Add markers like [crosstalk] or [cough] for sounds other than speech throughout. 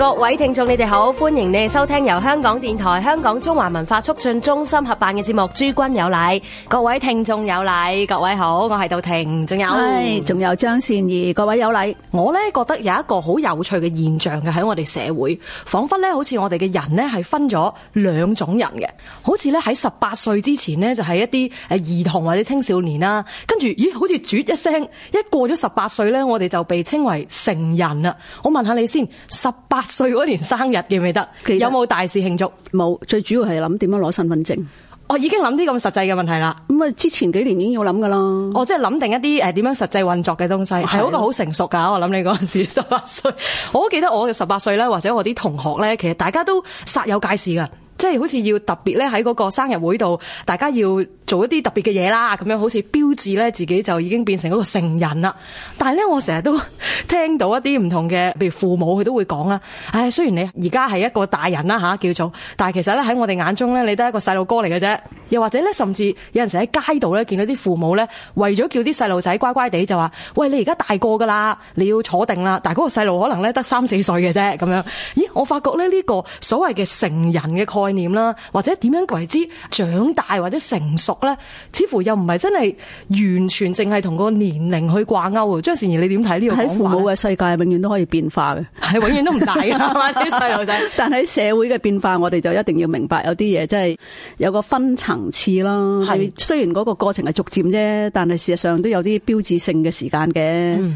各位聽眾你哋好，歡迎你收聽由香港電台香港中華文化促進中心合辦嘅節目《朱君有禮》，各位聽眾有禮，各位好，我係杜婷，仲有，仲、哎、有張善儀，各位有禮。我呢覺得有一個好有趣嘅現象嘅喺我哋社會，仿佛呢好似我哋嘅人呢，係分咗兩種人嘅，好似呢，喺十八歲之前呢，就係一啲誒兒童或者青少年啦，跟住咦好似啜一聲，一過咗十八歲呢，我哋就被稱為成人啦。我問下你先，十八歲嗰年生日嘅未得，實有冇大事慶祝？冇，最主要係諗點樣攞身份證。我已經諗啲咁實際嘅問題啦。咁啊、嗯，之前幾年已經要諗噶啦。哦，即係諗定一啲誒點樣實際運作嘅東西，係的一個好成熟噶。我諗你嗰陣時十八歲， [laughs] 我好記得我十八歲咧，或者我啲同學咧，其實大家都煞有介事噶，即係好似要特別咧喺嗰個生日會度，大家要。做一啲特別嘅嘢啦，咁樣好似標誌咧，自己就已經變成一個成人啦。但係咧，我成日都聽到一啲唔同嘅，譬如父母佢都會講啦。唉，雖然你而家係一個大人啦嚇、啊，叫做，但係其實咧喺我哋眼中咧，你都係一個細路哥嚟嘅啫。又或者咧，甚至有陣時喺街度咧見到啲父母咧，為咗叫啲細路仔乖乖地就話，喂，你而家大個㗎啦，你要坐定啦。但係嗰個細路可能咧得三四歲嘅啫，咁樣。咦，我發覺咧呢、這個所謂嘅成人嘅概念啦，或者點樣為之長大或者成熟？似乎又唔係真係完全淨係同個年齡去掛鈎嘅。張善儀，你點睇呢個講法？喺父母嘅世界，永遠都可以變化嘅，係永遠都唔大噶啲細路仔。 [laughs] 但係社會嘅變化，我哋就一定要明白有啲嘢真係有個分層次啦。係是雖然嗰個過程係逐漸啫，但係事實上都有啲標誌性嘅時間嘅。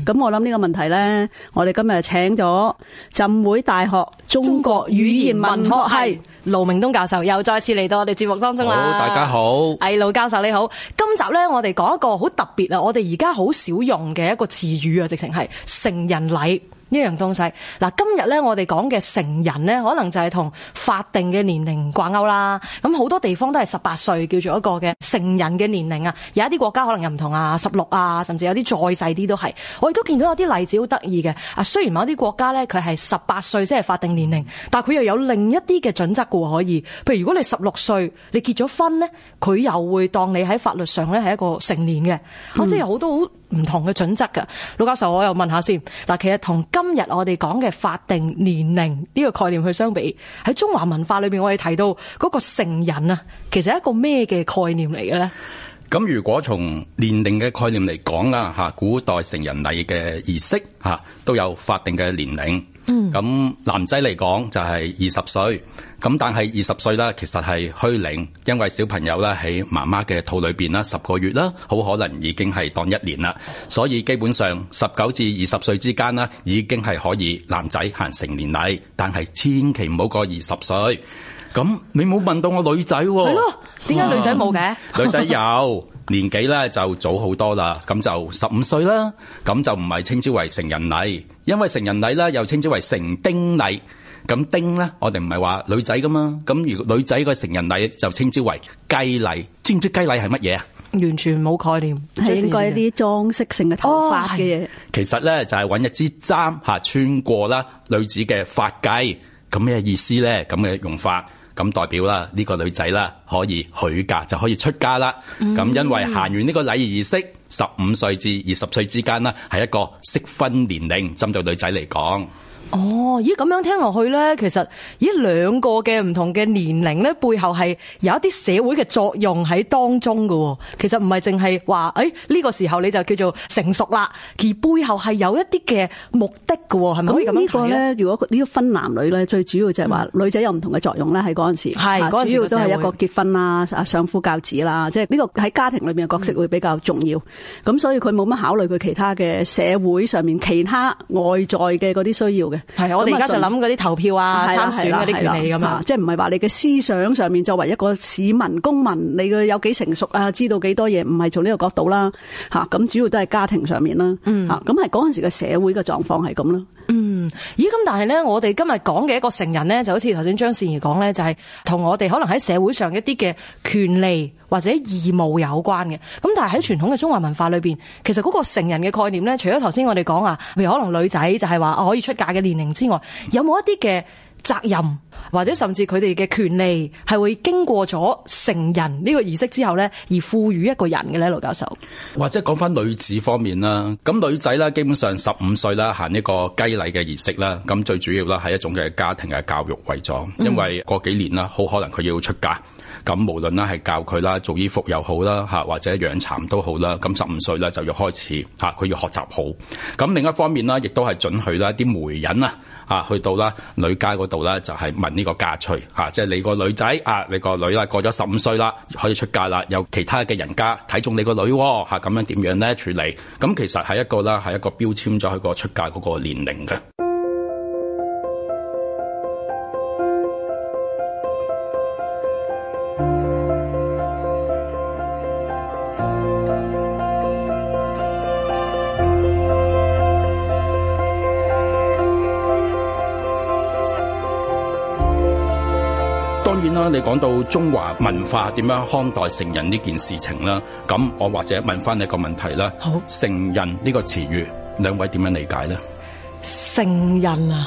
咁、嗯、我諗呢個問題咧，我哋今日請咗浸會大學中國語言文學系盧鳴東教授，又再次嚟到我哋節目當中啦。Hello, 大家好。教授你好，今集呢，我哋講一個好特別啊，我哋而家好少用嘅一個詞語啊，直情係成人禮。一樣東西嗱，今日咧我哋講嘅成人咧，可能就係同法定嘅年齡掛鈎啦。咁好多地方都係十八歲叫做一個嘅成人嘅年齡啊。有一啲國家可能又唔同啊，十六啊，甚至有啲再細啲都係。我亦都見到有啲例子好得意嘅。啊，雖然某啲國家咧佢係十八歲先係法定年齡，但係佢又有另一啲嘅準則嘅可以。譬如如果你十六歲你結咗婚咧，佢又會當你喺法律上咧係一個成年嘅。啊、嗯，即係好多好。唔同嘅準則噶，盧教授我又問下先嗱，其實同今日我哋講嘅法定年齡呢個概念去相比，喺中華文化裏邊，我哋提到嗰個成人啊，其實係一個咩嘅概念嚟嘅咧？咁如果從年齡嘅概念嚟講啊，嚇古代成人禮嘅儀式嚇都有法定嘅年齡，咁、嗯、男仔嚟講就係二十歲。咁但係二十歲啦，其實係虛齡，因為小朋友咧喺媽媽嘅肚裏邊啦，十個月啦，好可能已經係當一年啦。所以基本上十九至二十歲之間呢，已經係可以男仔行成年禮，但係千祈唔好過二十歲。咁你冇問到我女仔喎，係咯？點解女仔冇嘅？女仔有，年紀咧就早好多啦。咁就十五歲啦，咁就唔係稱之為成人禮，因為成人禮咧又稱之為成丁禮。咁丁咧，我哋唔係話女仔噶嘛，咁如果女仔嘅成人禮就稱之為笄禮，知唔知笄禮係乜嘢啊？完全冇概念，係應該啲裝飾性嘅頭髮嘅嘢。哦、是其實咧就係、是、搵一支簪，吓穿過啦女子嘅髮髻，咁咩意思咧，咁嘅用法，咁代表啦呢、這個女仔啦可以許嫁，就可以出嫁啦。咁、嗯、因為行完呢個禮儀儀式，十五歲至二十歲之間啦，係一個適婚年齡，針對女仔嚟講。哦，咦咁樣聽落去咧，其實咦兩個嘅唔同嘅年齡咧，背後係有一啲社會嘅作用喺當中噶。其實唔係淨係話，誒、哎、呢、這個時候你就叫做成熟啦，而背後係有一啲嘅目的噶，係咪咁樣睇咧？咁呢個咧，如果呢個分男女咧，最主要就係話女仔有唔同嘅作用咧，喺嗰陣時係，時，主要都係一個結婚啦，啊相夫教子啦，即係呢個喺家庭裏面嘅角色會比較重要。咁、嗯、所以佢冇乜考慮佢其他嘅社會上面其他外在嘅嗰啲需要嘅。係，我哋而家就諗嗰啲投票啊、參選嗰啲權利咁啊，即係唔係話你嘅思想上面作為一個市民公民，你嘅有幾成熟啊？知道幾多嘢？唔係從呢個角度啦，嚇咁主要都係家庭上面啦，嚇咁係嗰陣時嘅社會嘅狀況係咁咯。嗯，嗯，咦、嗯？咁但係咧，我哋今日講嘅一個成人咧，就好似頭先張善儀講咧，就係、是、同我哋可能喺社會上一啲嘅權利或者義務有關嘅。咁但係喺傳統嘅中華文化裏邊，其實嗰個成人嘅概念咧，除咗頭先我哋講啊，譬如可能女仔就係話可以出嫁嘅之外，有冇一啲嘅責任，或者甚至佢哋嘅權利，係會經過咗成人呢個儀式之後呢，而賦予一個人嘅呢？盧教授？或者講返女子方面啦，咁女仔啦，基本上十五歲啦，行一個笄禮嘅儀式啦，咁最主要啦係一種嘅家庭嘅教育為咗，因為過幾年啦，好可能佢要出嫁。咁無論啦，係教佢啦，做衣服又好啦，嚇或者養蠶都好啦。咁十五歲啦，就要開始嚇，佢要學習好。咁另一方面啦，亦都係準許啦，啲媒人啊，嚇去到啦女街嗰度啦，就係問呢個嫁娶嚇，即係你個女仔啊，你個女啦過咗十五歲啦，可以出嫁啦，有其他嘅人家睇中你個女喎嚇，咁樣點樣咧處理？咁其實係一個啦，係一個標籤咗佢個出嫁嗰個年齡嘅。講到中華文化點樣看待成人呢件事情啦，咁我或者問翻你一個問題啦。好，成人呢個詞語，兩位點樣理解咧？成人啊，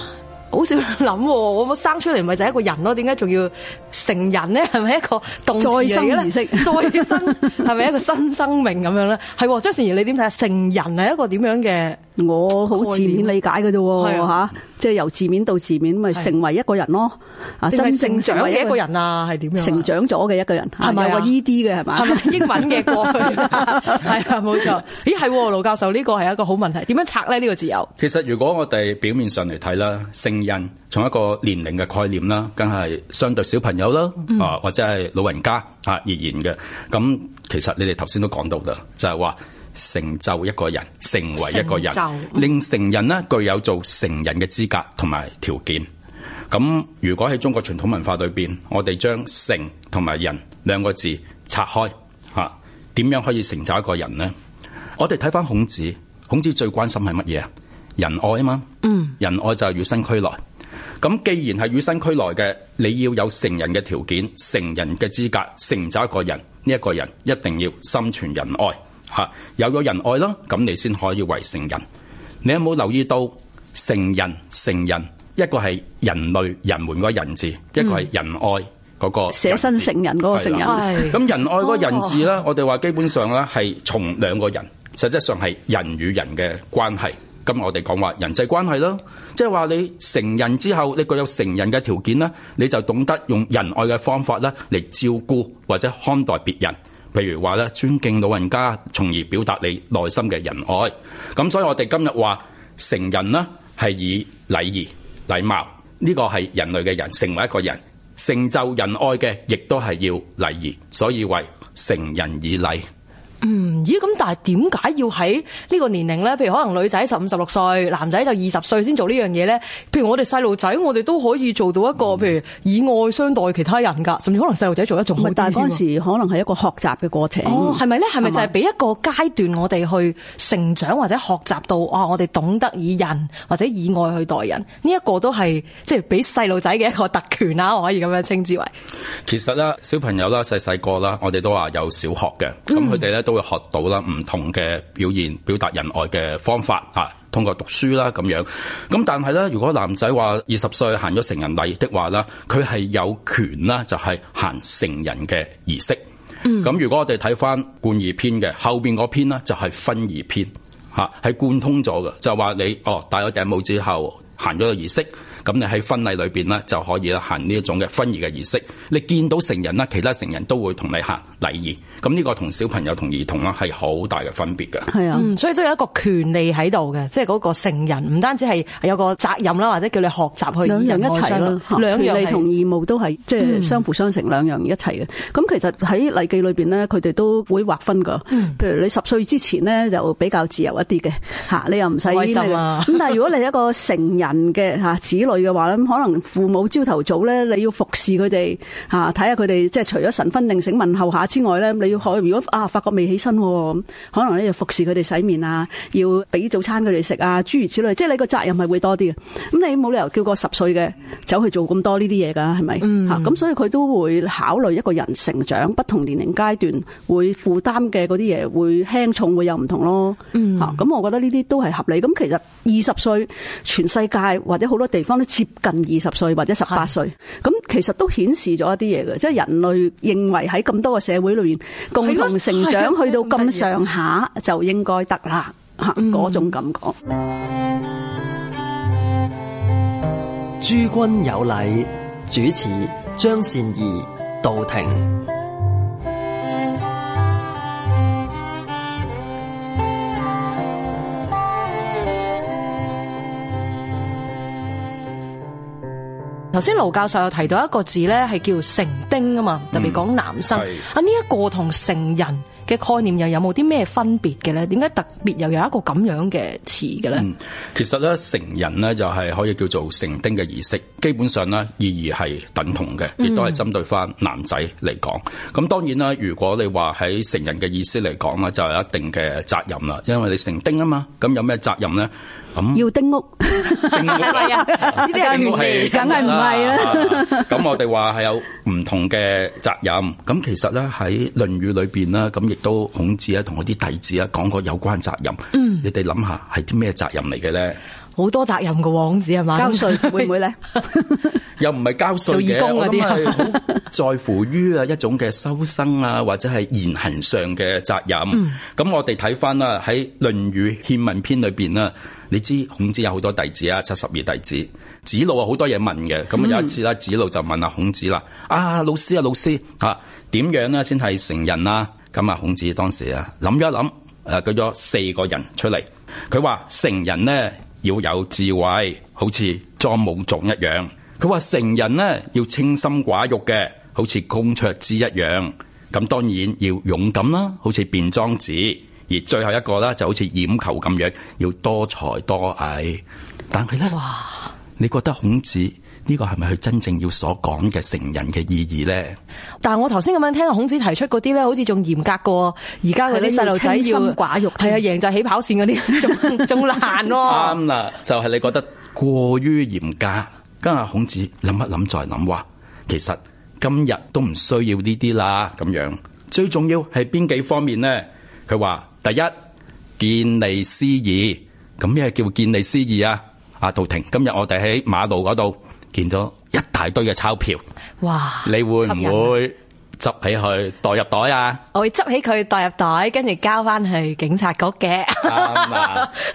好少諗、啊，我冇生出嚟咪就係一個人咯、啊，點解仲要成人咧？係咪一個再生儀式？再 [laughs] 生係咪一個新生命咁樣咧？係張、啊、善儀，你點睇啊？成人係一個點樣嘅？我好字面理解嘅啫喎，嚇，即係由字面到字面，咪、啊、成為一個人咯。啊，真正長嘅一個人啊，係點樣？成長咗嘅一個人，係咪啊？E D 嘅係咪？係咪英文嘅過去？係啊，冇錯。咦，係、啊、盧教授呢、呢個係一個好問題，點樣拆咧？呢、呢個自由。其實如果我哋表面上嚟睇啦，成人從一個年齡嘅概念啦，梗係相對小朋友啦，啊、嗯、或者係老人家啊而言嘅。咁其實你哋頭先都講到嘅，就係話。成就一個人，成為一個人，令成人呢具有做成人嘅資格同埋條件。咁如果喺中國傳統文化裏邊，我哋將成同埋人兩個字拆開吓，點樣可以成就一個人呢？我哋睇翻孔子，孔子最關心係乜嘢啊？仁愛啊嘛，嗯，仁愛就係與生俱來。咁既然係與生俱來嘅，你要有成人嘅條件、成人嘅資格，成就一個人呢？一個人一定要心存仁愛。吓，有咗仁愛啦，咁你先可以為成人。你有冇留意到成人，成人一個係人類，人們或人字，一個係仁愛嗰個捨、嗯、的身成人嗰個成人。咁仁的、哎、愛嗰個人字呢，哎、我哋話基本上咧係從兩個人，實質上係人與人嘅關係。咁我哋講話人際關係啦，即係話你成人之後，你具有成人嘅條件呢，你就懂得用仁愛嘅方法呢嚟照顧或者看待別人。譬如話咧，尊敬老人家，從而表達你內心嘅仁愛。咁所以我哋今日話成人呢，係以禮儀禮貌，呢個係人類嘅人成為一個人，成就仁愛嘅，亦都係要禮儀。所以為成人以禮。嗯，咦，咁但係點解要喺呢個年齡呢？譬如可能女仔十五十六歲，男仔就二十歲先做呢樣嘢呢？譬如我哋細路仔，我哋都可以做到一個譬如以愛相待其他人噶，甚至可能細路仔做得仲好。但係嗰陣時可能係一個學習嘅過程、嗯、哦，係咪呢？係咪就係俾一個階段我哋去成長或者學習到啊？我哋懂得以人或者以愛去待人，呢、這、一個都係即係俾細路仔嘅一個特權啦，我可以咁樣稱之為。其實啦，小朋友啦，細細個啦，我哋都話有小學嘅，咁佢哋咧。嗯都會學到啦，唔同嘅表現、表達仁愛嘅方法啊，通過讀書啦咁樣。咁但係咧，如果男仔話二十歲行咗成人禮的話咧，佢係有權啦，就係行成人嘅儀式。嗯。咁如果我哋睇返冠義篇嘅後邊嗰篇呢，就係婚義篇，嚇係貫通咗嘅，就話你哦戴咗頂帽之後行咗個儀式，咁你喺婚禮裏邊咧就可以啦，行呢一種嘅婚儀嘅儀式。你見到成人啦，其他成人都會同你行禮儀。咁呢個同小朋友同兒童啦係好大嘅分別嘅，係啊、嗯，所以都有一個權利喺度嘅，即係嗰個成人唔單止係有個責任啦，或者叫你學習去融入新。兩樣一齊咯，權利同義務都係即係相輔相成、嗯、兩樣一齊嘅。咁、嗯、其實喺禮記裏邊咧，佢哋都會劃分㗎。譬如你十歲之前咧，就比較自由一啲嘅嚇，你又唔使咁。 [laughs] 但係如果你一個成人嘅嚇子女嘅話咧，可能父母朝頭早咧，你要服侍佢哋嚇，睇下佢哋即係除咗晨昏定省問候下之外咧，要如果啊發覺未起身咁，可能咧就服侍佢哋洗面啊，要俾早餐佢哋食啊，諸如此類，即係你個責任係會多啲嘅。咁你冇理由叫個十歲嘅走去做咁多呢啲嘢噶，係咪？吓咁、嗯啊，所以佢都會考慮一個人成長不同年齡階段會負擔嘅嗰啲嘢會輕重會有唔同咯。吓咁、嗯啊，我覺得呢啲都係合理。咁其實二十歲，全世界或者好多地方都接近二十歲或者十八歲，咁的其實都顯示咗一啲嘢嘅，即係人類認為喺咁多嘅社會裏面。共同成長，去到咁上下就應該得啦嚇，嗰 [music] 種感覺。諸君有禮，主持張善儀杜庭。頭先盧教授又提到一個字咧，係叫成丁啊嘛，特別講男生啊，呢一個同成人嘅概念又有冇啲咩分別嘅咧？點解特別又有一個咁樣嘅詞嘅咧？嗯，其實咧成人咧就係可以叫做成丁嘅儀式，基本上咧意義係等同嘅，亦都係針對翻男仔嚟講。咁當然啦，如果你話喺成人嘅意思嚟講啊，就係一定嘅責任啦，因為你成丁啊嘛，咁有咩責任咧？要丁屋，丁屋係，梗係唔係啦。咁我哋話係有唔同嘅責任。咁其實咧喺《論語》裏邊咧，咁亦都孔子啊同我啲弟子啊講過有關責任。嗯，你哋諗下係啲咩責任嚟嘅咧？好多責任嘅，孔子係嘛？交稅會唔會咧？又唔係交稅嘅，做義工嗰啲，咁係在乎於啊一種嘅修身啊或者係言行上嘅責任。咁我哋睇翻啦喺《論語·憲問篇》裏邊啦。你知孔子有好多弟子啊，七十二弟子，子路啊好多嘢問嘅。咁、嗯、有一次啦，子路就問阿孔子啦：，啊，老師啊，老師，吓、啊、點樣咧先係成人啊？咁啊，孔子當時啊諗咗一諗，誒、啊，舉咗四個人出嚟。佢話成人咧要有智慧，好似臧武仲一樣。佢話成人咧要清心寡欲嘅，好似公綽子一樣。咁當然要勇敢啦，好似卞莊子。而最後一個啦，就好似冉求咁樣，要多才多藝。但係咧，哇！你覺得孔子呢、呢個係咪佢真正要所講嘅成人嘅意義咧？但係我頭先咁樣聽孔子提出嗰啲咧，好似仲嚴格過而家嗰啲細路仔要寡慾係啊，贏就起跑線嗰啲仲仲難咯、哦。啱啦， [laughs] 就係、是、你覺得過於嚴格。跟啊，孔子諗一諗再諗話，其實今日都唔需要呢啲啦。咁樣最重要係邊幾方面咧？佢話。第一，見利思義。咁咩叫見利思義啊？阿杜婷，今日我哋喺馬路嗰度見咗一大堆嘅鈔票，哇！你會唔會執起佢代入袋啊？我會執起佢代入袋，跟住交翻去警察局嘅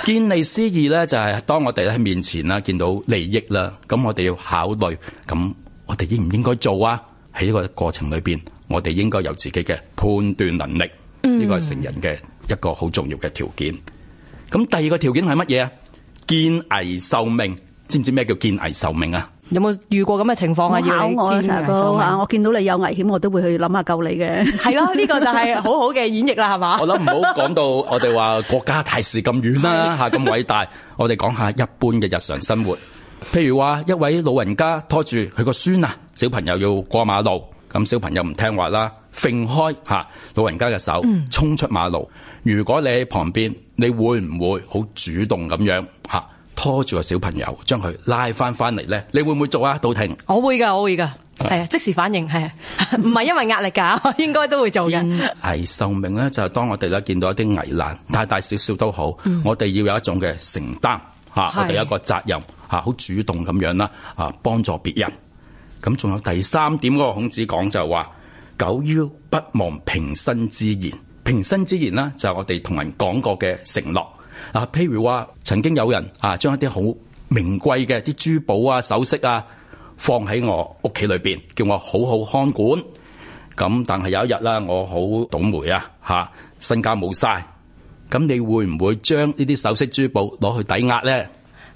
見利思義咧，就係當我哋喺面前啦，見到利益啦，咁我哋要考慮，咁我哋應唔應該做啊？喺呢個過程裏邊，我哋應該有自己嘅判斷能力。呢個係成人嘅。一個好重要嘅條件，咁第二個條件係乜嘢啊？見危受命，知唔知咩叫見危受命啊？有冇遇過咁嘅情況啊？我考驗啊！我見到你有危險，我都會去諗下救你嘅。係咯，呢個就係好好嘅演繹啦，係嘛？我諗唔好講到我哋話國家大事咁遠啦，吓咁偉大，我哋講下一般嘅日常生活。譬如話一位老人家拖住佢個孫啊，小朋友要過馬路，咁小朋友唔聽話啦。揈開嚇老人家嘅手，衝出馬路。如果你喺旁邊，你會唔會好主動咁樣嚇拖住個小朋友，將佢拉翻翻嚟咧？你會唔會做啊？杜婷，我會㗎，我會㗎，係啊，即時反應係啊，唔係因為壓力㗎，應該都會做嘅。嗯、危壽命咧，就係當我哋咧見到一啲危難，大大小小都好，嗯、我哋要有一種嘅承擔嚇，的我哋一個責任嚇，好主動咁樣啦，啊幫助別人。咁仲有第三點嗰個孔子講就話、是。久要不忘平生之言，平生之言呢，就係我哋同人講過嘅承諾。啊，譬如話曾經有人啊，將一啲好名貴嘅啲珠寶啊首飾啊放喺我屋企裏邊，叫我好好看管。咁但係有一日啦，我好倒霉啊吓，身家冇晒。咁你會唔會將呢啲首飾珠寶攞去抵押呢？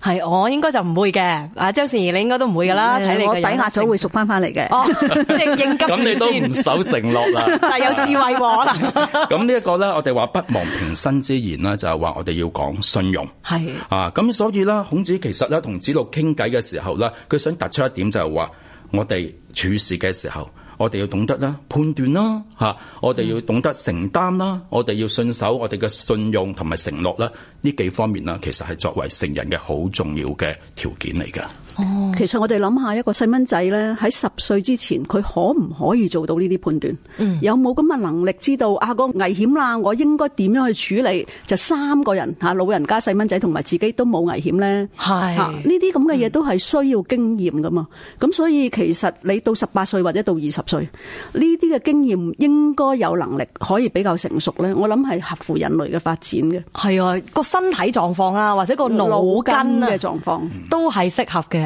係，我、哦、應該就唔會嘅。阿張善儀，你應該都唔會噶啦，睇的你嘅抵押咗會贖翻翻嚟嘅。哦，即係 [laughs] 應急住先。咁 [laughs] 你都唔守承諾啦？但係有智慧喎，可能。咁呢一個咧，我哋話不忘平生之言啦，就係、是、話我哋要講信用。係的。啊，咁所以咧，孔子其實咧同子路傾偈嘅時候咧，佢想突出一點就係話，我哋處事嘅時候。我哋要懂得啦，判斷啦，吓，我哋要懂得承擔啦，我哋要信守我哋嘅信用同埋承諾啦，呢幾方面啦，其實，係作為成人嘅好重要嘅條件嚟嘅。哦，其實我哋諗下一個細蚊仔咧，喺十歲之前，佢可唔可以做到呢啲判斷？嗯、有冇咁嘅能力知道啊？個危險啦，我應該點樣去處理？就三個人吓，老人家、細蚊仔同埋自己都冇危險咧。係吓，呢啲咁嘅嘢都係需要經驗噶嘛。咁、嗯、所以其實你到十八歲或者到二十歲，呢啲嘅經驗應該有能力可以比較成熟咧。我諗係合乎人類嘅發展嘅。係啊，個身體狀況啊，或者個腦筋嘅狀況都係適合嘅。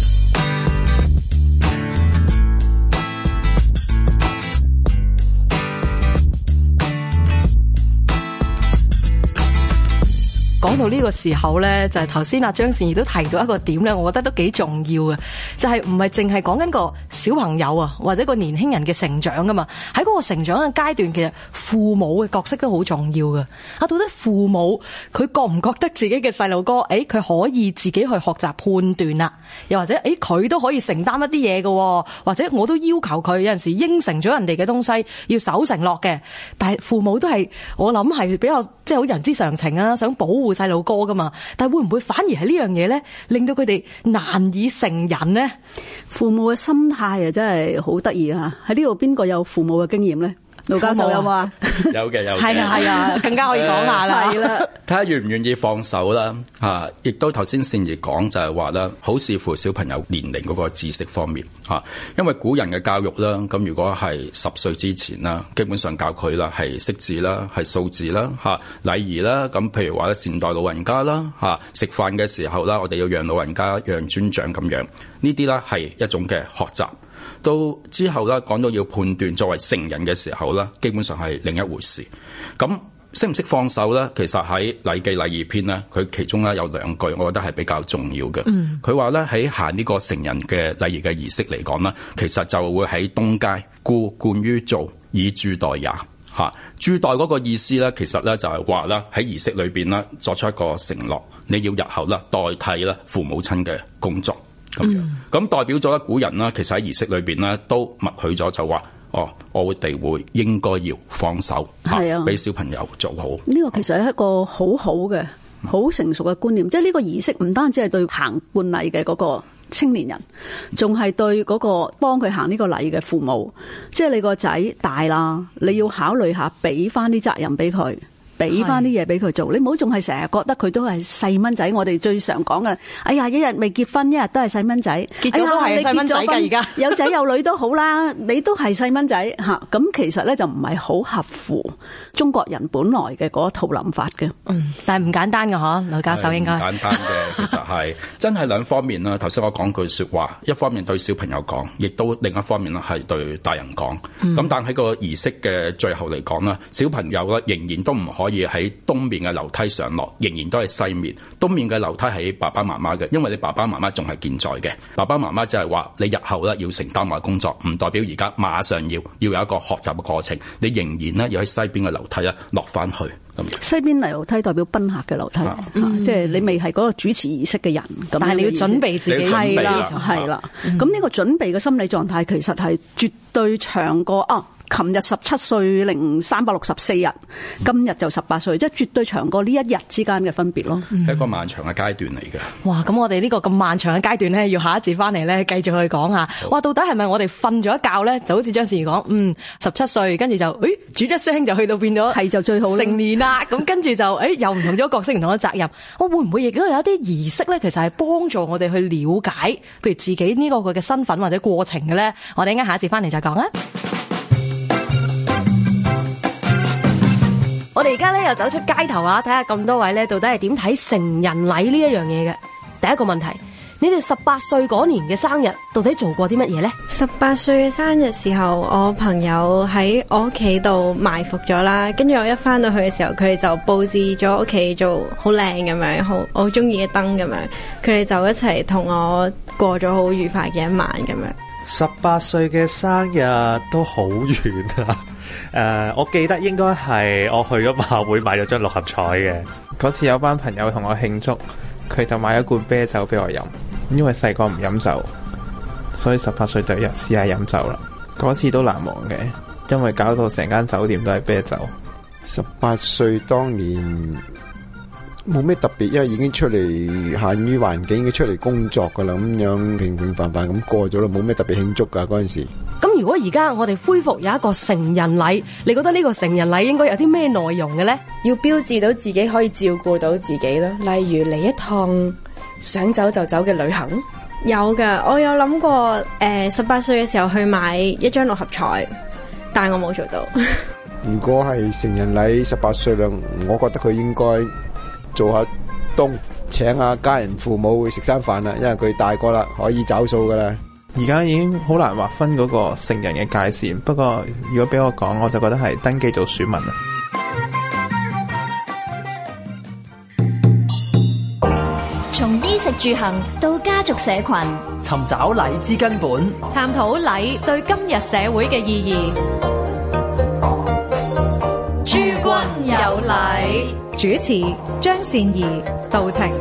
講到呢個時候呢，就係頭先阿張善儀都提到一個點呢，我覺得都幾重要嘅，就係唔係淨係講緊個小朋友啊，或者個年輕人嘅成長噶嘛，喺嗰個成長嘅階段，其實父母嘅角色都好重要嘅。啊，到底父母佢覺唔覺得自己嘅細路哥，誒、欸，佢可以自己去學習判斷啦，又或者誒，佢、欸、都可以承擔一啲嘢嘅，或者我都要求佢有陣時應承咗人哋嘅東西要守承諾嘅。但係父母都係我諗係比較即係好人之常情啊，想保護。細路哥噶嘛，但係會唔會反而係呢樣嘢咧，令到佢哋難以成人咧？父母嘅心態啊，真係好得意啊！喺呢度邊個有父母嘅經驗咧？做家務有冇啊？有嘅有。嘅。 [laughs] 係啊係啊，更加可以講下啦。睇下願唔願意放手啦。嚇、啊，亦都頭先善儀講就係話啦，好視乎小朋友年齡嗰個知識方面嚇、啊。因為古人嘅教育啦，咁如果係十歲之前啦，基本上教佢啦係識字啦，係數字啦嚇、啊，禮儀啦，咁譬如話咧善待老人家啦嚇，食、啊、飯嘅時候啦，我哋要讓老人家讓尊長咁樣，呢啲咧係一種嘅學習。到之後咧，講到要判斷作為成人嘅時候咧，基本上係另一回事。咁識唔識放手咧？其實喺禮記禮儀篇咧，佢其中咧有兩句，我覺得係比較重要嘅。佢話咧喺行呢個成人嘅禮儀嘅儀式嚟講咧，其實就會喺東階故冠於做以諸代也嚇。諸代嗰個意思咧，其實咧就係話咧喺儀式裏邊咧作出一個承諾，你要日後咧代替咧父母親嘅工作。咁咁、嗯、代表咗一古人啦，其實喺儀式裏邊咧都默許咗，就話哦，我哋會應該要放手吓，俾、啊、小朋友做好呢個其實係一個好好嘅好成熟嘅觀念，即係呢個儀式唔單止係對行冠禮嘅嗰個青年人，仲係對嗰個幫佢行呢個禮嘅父母，即係你個仔大啦，你要考慮下俾翻啲責任俾佢。俾翻啲嘢俾佢做，你唔好仲係成日覺得佢都係細蚊仔。我哋最常講嘅，哎呀，一日未結婚，一日都係細蚊仔。結咗都係細蚊仔，而家有仔有女都好啦，你都係細蚊仔吓。咁其實咧就唔係好合乎中國人本來嘅嗰一套諗法嘅。嗯，但係唔簡單嘅嗬，盧教授應該簡單嘅其實係真係兩方面啦。頭先我講句說話，一方面對小朋友講，亦都另一方面咧係對大人講。咁但係個儀式嘅最後嚟講咧，小朋友咧仍然都唔可以。而喺東面嘅樓梯上落，仍然都係西面。東面嘅樓梯喺爸爸媽媽嘅，因為你爸爸媽媽仲係健在嘅。爸爸媽媽就係話你日後咧要承擔埋工作，唔代表而家馬上要要有一個學習嘅過程。你仍然咧要喺西邊嘅樓梯咧落返去。西邊樓梯代表賓客嘅樓梯，啊嗯、即係你未係嗰個主持儀式嘅人。但係你要準備自己係啦，係、嗯、啦。咁呢個準備嘅心理狀態，其實係絕對長過啊。琴日十七歲零三百六十四日，今日就十八歲，即係絕對長過呢一日之間嘅分別咯。一、嗯、個漫長嘅階段嚟嘅。哇！咁我哋呢個咁漫長嘅階段咧，要下一節翻嚟咧繼續去講下。好哇！到底係咪我哋瞓咗一覺咧，就好似張倩儀講，嗯，十七歲，跟住就，哎，煮一聲就去到變咗，係就最好成年啦。咁跟住就，哎，又唔同咗角色，唔同咗責任。我、啊、會唔會亦都有一啲儀式咧？其實係幫助我哋去了解，譬如自己呢個佢嘅身份或者過程嘅咧。我哋啱下一節翻嚟就講啊。我哋而家咧又走出街頭啊！睇下咁多位咧，到底係點睇成人禮呢一樣嘢嘅？第一個問題，你哋十八歲嗰年嘅生日到底做過啲乜嘢咧？十八歲嘅生日時候，我朋友喺我屋企度埋伏咗啦，跟住我一返到去嘅時候，佢哋就佈置咗屋企做好靚咁樣，好我好中意嘅燈咁樣，佢哋就一齊同我過咗好愉快嘅一晚咁樣。十八歲嘅生日都好遠啊！誒，uh, 我記得應該係我去咗馬會買咗張六合彩嘅。嗰次有班朋友同我慶祝，佢就買咗罐啤酒俾我飲。因為細個唔飲酒，所以十八歲就入試下飲酒啦。嗰次都難忘嘅，因為搞到成間酒店都係啤酒。十八歲當年冇咩特別，因為已經出嚟限於環境已經出嚟工作噶啦，咁樣平平凡凡咁過咗啦，冇咩特別慶祝噶嗰陣時。咁如果而家我哋恢復有一個成人禮，你覺得呢個成人禮應該有啲咩內容嘅呢？要標誌到自己可以照顧到自己咯，例如嚟一趟想走就走嘅旅行。有噶，我有諗過誒，呃、十八歲嘅時候去買一張六合彩，但我冇做到。 [laughs] 如果係成人禮十八歲啦，我覺得佢應該做下東，請下家人父母食餐飯啦，因為佢大個啦，可以找數噶啦。而家已經好難劃分嗰個成人嘅界線，不過如果俾我講，我就覺得係登記做選民啦。從衣食住行到家族社群，尋找禮之根本，探討禮對今日社會嘅意義。諸君有禮，主持張善儀到庭。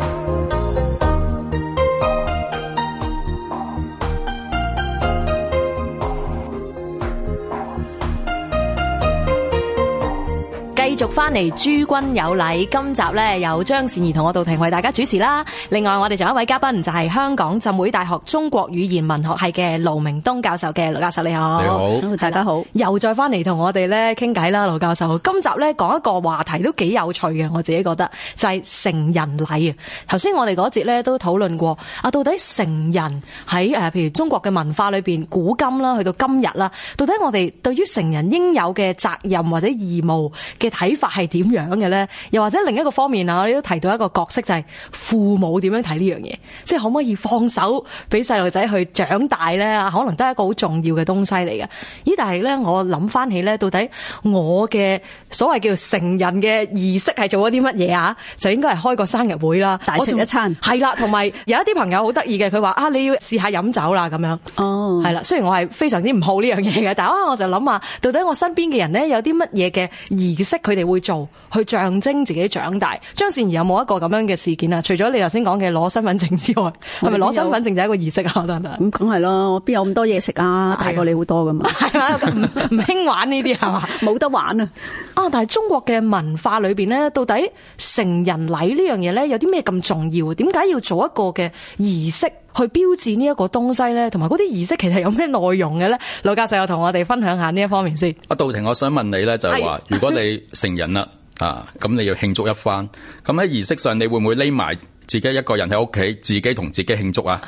繼續翻嚟，諸君有禮。今集呢，有張善儀同我杜庭為大家主持啦。另外，我哋仲有一位嘉賓就係、是、香港浸會大學中國語言文學系嘅盧鳴東教授嘅盧教授，你好，你好，大家好。又再翻嚟同我哋呢傾偈啦，盧教授。今集呢講一個話題都幾有趣嘅，我自己覺得就係、是、成人禮啊。頭先我哋嗰節呢都討論過啊，到底成人喺誒，譬如中國嘅文化裏邊，古今啦，去到今日啦，到底我哋對於成人應有嘅責任或者義務嘅睇睇法係點樣嘅咧？又或者另一個方面啊，我哋都提到一個角色就係父母點樣睇呢樣嘢，即係可唔可以放手俾細路仔去長大咧？可能都係一個好重要嘅東西嚟嘅。咦？但係咧，我諗翻起咧，到底我嘅所謂叫做成人嘅儀式係做咗啲乜嘢啊？就應該係開個生日會啦，大食一餐係啦，同埋有一啲朋友好得意嘅，佢話啊，你要試下飲酒啦咁樣。哦，係啦。雖然我係非常之唔好呢樣嘢嘅，但係我就諗下，到底我身邊嘅人咧有啲乜嘢嘅儀式佢哋？你會做去象徵自己長大，張善儀有冇一個咁樣嘅事件啊？除咗你頭先講嘅攞身份證之外，係咪攞身份證就係、一個儀式、 [laughs] 嗯、我啊？得唔得？咁梗係啦，我邊有咁多嘢食啊？大過你好多噶嘛，係 [laughs] 嘛？咁唔興玩呢啲係嘛？冇 [laughs] 吧 [laughs] 得玩啊！啊，但係中國嘅文化裏邊咧，到底成人禮呢樣嘢咧，有啲咩咁重要啊？點解要做一個嘅儀式？去標誌呢一個東西咧，同埋嗰啲儀式其實有咩內容嘅咧？盧教授，又同我哋分享下呢一方面先。阿杜庭，我想問你咧，就係話 [laughs] 如果你成人啦，啊，咁你要慶祝一番，咁喺儀式上，你會唔會匿埋？自己一個人喺屋企，自己同自己慶祝啊！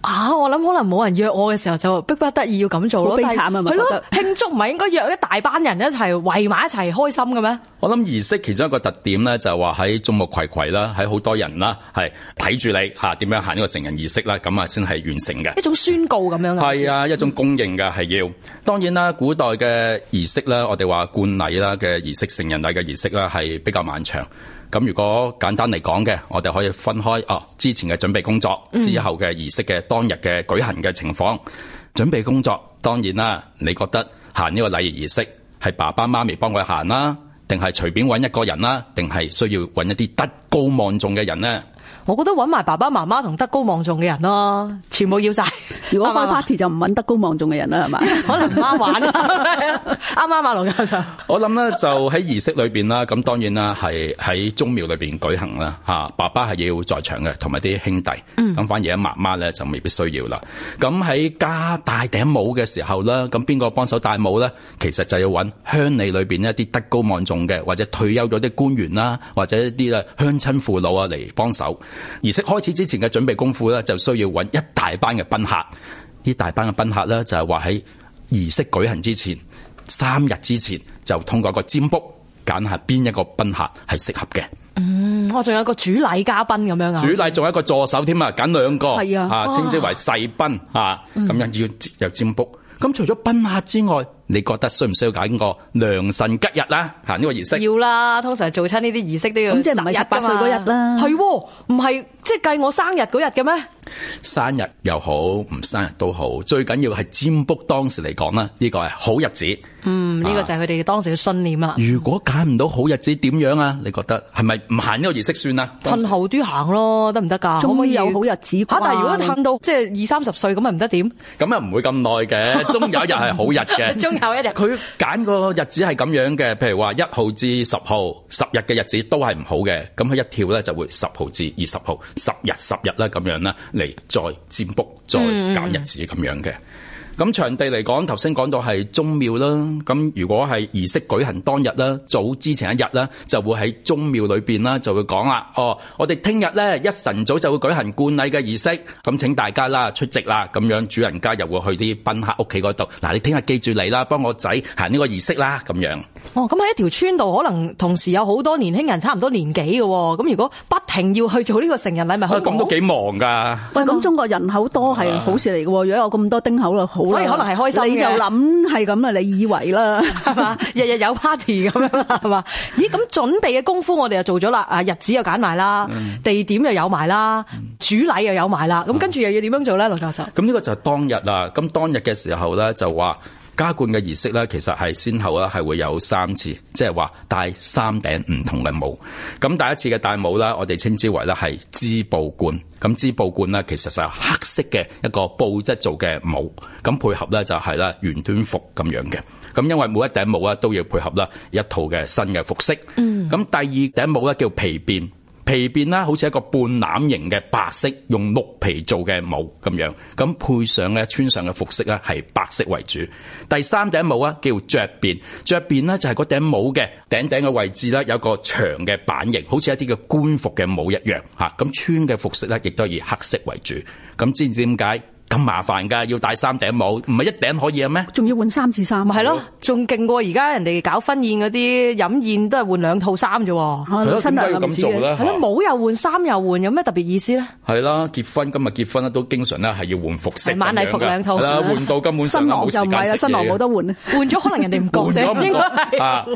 啊，我諗可能冇人約我嘅時候，就迫不得已要咁做咯。好悲慘啊！係咯，慶祝唔係應該約一大班人一齊圍埋一齊開心嘅咩？我諗儀式其中一個特點咧，就話喺眾目睽睽啦，喺好多人啦，係睇住你吓，點樣行呢個成人儀式啦，咁啊先係完成嘅。一種宣告咁樣嘅。係 [laughs] 啊，一種公認嘅係要。當然啦，古代嘅儀式啦，我哋話冠禮啦嘅儀式、成人禮嘅儀式啦，係比較漫長。咁如果簡單嚟講嘅，我哋可以分開哦，之前嘅準備工作，之後嘅儀式嘅當日嘅舉行嘅情況。準備工作當然啦，你覺得行呢個禮儀儀式係爸爸媽咪幫佢行啦，定係隨便揾一個人啦，定係需要揾一啲德高望重嘅人咧？我覺得揾埋爸爸媽媽同德高望重嘅人咯，全部要晒。如果媽 Party 就唔揾德高望重嘅人啦，係咪 [laughs] 吧？可能唔啱玩。啱啱 [laughs] 啊，盧教授。我諗咧就喺儀式裏邊啦，咁當然啦係喺宗廟裏邊舉行啦，吓爸爸係要在場嘅，同埋啲兄弟。咁、嗯、反而阿媽媽咧就未必需要啦。咁喺加大頂帽嘅時候咧，咁邊個幫手戴帽咧？其實就要揾鄉里裏邊一啲德高望重嘅，或者退休咗啲官員啦，或者一啲咧鄉親父老啊嚟幫手。儀式開始之前嘅準備功夫咧，就需要揾一大班嘅賓客，呢大班嘅賓客咧就係話喺儀式舉行之前三日之前就通過一個占卜揀下邊一個賓客係適合嘅。嗯，我仲有個主禮嘉賓咁樣啊，主禮仲有一個助手添啊，揀兩個係啊，稱啊，稱之為筮賓啊，咁、嗯、樣要有占卜。咁除咗賓客之外。你覺得需唔需要揀個良辰吉日啦、啊？行呢個儀式要啦，通常做親呢啲儀式都要是是。咁、啊哦、即係唔係十八歲嗰日啦？係，唔係即係計我生日嗰日嘅咩？生日又好，唔生日都好，最緊要係占卜當時嚟講啦，呢、這個係好日子。嗯，呢、這個就係佢哋當時嘅信念啊。啊如果揀唔到好日子，點樣啊？你覺得係咪唔行呢個儀式算啦、啊？褪後都行咯，得唔得㗎？終 可唔可以有好日子？但係如果褪到即係二三十歲咁啊，唔得點？咁又唔會咁耐嘅，終有一日係好日嘅。佢揀個日子係咁樣嘅，譬如話一號至十號十日嘅日，日子都係唔好嘅，咁佢一跳咧就會十號至二十號十日十日啦咁樣啦，嚟再占卜再揀日子咁樣嘅。咁場地嚟講，頭先講到係宗廟啦。咁如果係儀式舉行當日啦，早之前一日啦，就會喺宗廟裏邊啦，就會講啦。哦，我哋聽日咧一晨早就會舉行冠禮嘅儀式，咁請大家啦出席啦。咁樣主人家又會去啲賓客屋企嗰度。嗱，你聽日記住嚟啦，幫我仔行呢個儀式啦。咁樣。哦，咁喺一條村度，可能同時有好多年輕人，差唔多年紀嘅。咁如果不停要去做呢個成人禮，咪講都幾忙㗎。喂，咁中國人口多係好事嚟嘅。如果有咁多丁口啦，好。所以可能係開心你的就諗係咁啊，你以為啦，係嘛？ [laughs] 日日有 party 咁樣啦，係嘛？咦，咁準備嘅功夫我哋又做咗啦，啊日子又揀埋啦，地點又有埋啦，嗯、主禮又有埋啦，咁、嗯、跟住又要點樣做咧，盧教授？咁呢個就係當日啊，咁當日嘅時候咧就話。加冠嘅儀式咧，其實係先後咧係會有三次，即係話戴三頂唔同嘅帽。咁第一次嘅戴帽咧，我哋稱之為咧係緇布冠。咁緇布冠咧，其實就係黑色嘅一個布質做嘅帽。咁配合咧就係咧玄端服咁樣嘅。咁因為每一頂帽啊都要配合啦一套嘅新嘅服飾。嗯。咁第二頂帽咧叫皮弁。皮弁啦，好似一個半欖形嘅白色，用鹿皮做嘅帽咁樣，咁配上咧穿上嘅服飾咧係白色為主。第三頂帽啊叫爵弁，爵弁咧就係嗰頂帽嘅頂頂嘅位置咧有個長嘅版型，好似一啲嘅官服嘅帽一樣吓。咁穿嘅服飾咧亦都以黑色為主。咁知唔知點解？咁麻煩噶，要戴三頂帽，唔係一頂可以啊？咩？仲要換三次衫，係咯，仲勁過而家人哋搞婚宴嗰啲飲宴都係換兩套衫啫喎。新郎咁做啦，帽又換，衫又換，有咩特別意思咧？係啦，結婚今日結婚咧都經常咧係要換服飾，晚禮服兩套啦，換到根本新郎又唔係啊，新郎冇得換啊，換咗可能人哋唔覺啫，應該係啊。